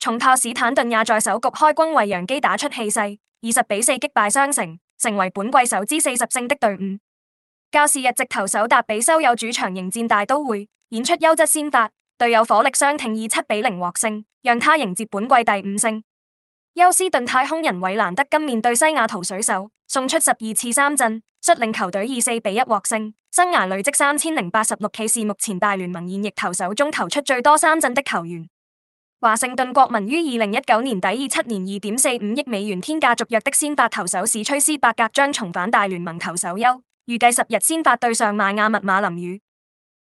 重炮史坦頓也在首局開轟為揚基打出氣勢，二十比四擊敗雙城，成為本季首支四十勝的隊伍。教士日籍投手達比修有主場迎戰大都會，演出優質先發，隊友火力相挺，以七比零獲勝，讓他迎接本季第五勝。休斯頓太空人韋蘭德今面對西雅圖水手，送出十二次三振，率領球隊以四比一獲勝，生涯累積三千零八十六起是目前大聯盟現役投手中投出最多三振的球員。華盛頓國民於二零一九年底以七年二點四五億美元天價續約的先發投手史崔斯伯格將重返大聯盟投手休，預計十日先發對上邁阿密馬林魚。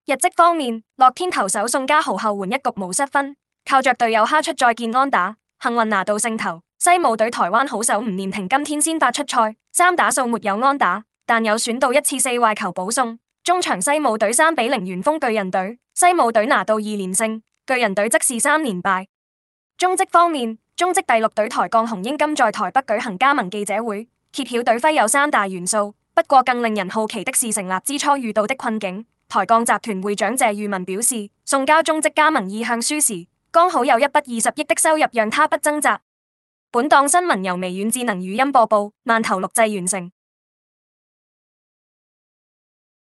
日績方面，樂天投手宋家豪後援一局無失分，靠着隊友敲出再見安打，幸運拿到勝投。西武隊台灣好手吳念庭今天先發出賽，三打數沒有安打，但有選到一次四壞球保送。中場西武隊三比零完封巨人隊，西武隊拿到二連勝。巨人隊則是三連敗。中職方面，中職第六隊台鋼雄鷹今在台北舉行加盟記者會，揭曉隊徽有三大元素。不過更令人好奇的是成立之初遇到的困境。台鋼集團會長謝裕文表示，送交中職加盟意向書時，剛好有一筆二十億的收入讓他不掙扎。本檔新聞由微軟智能語音播報，萬頭錄製完成。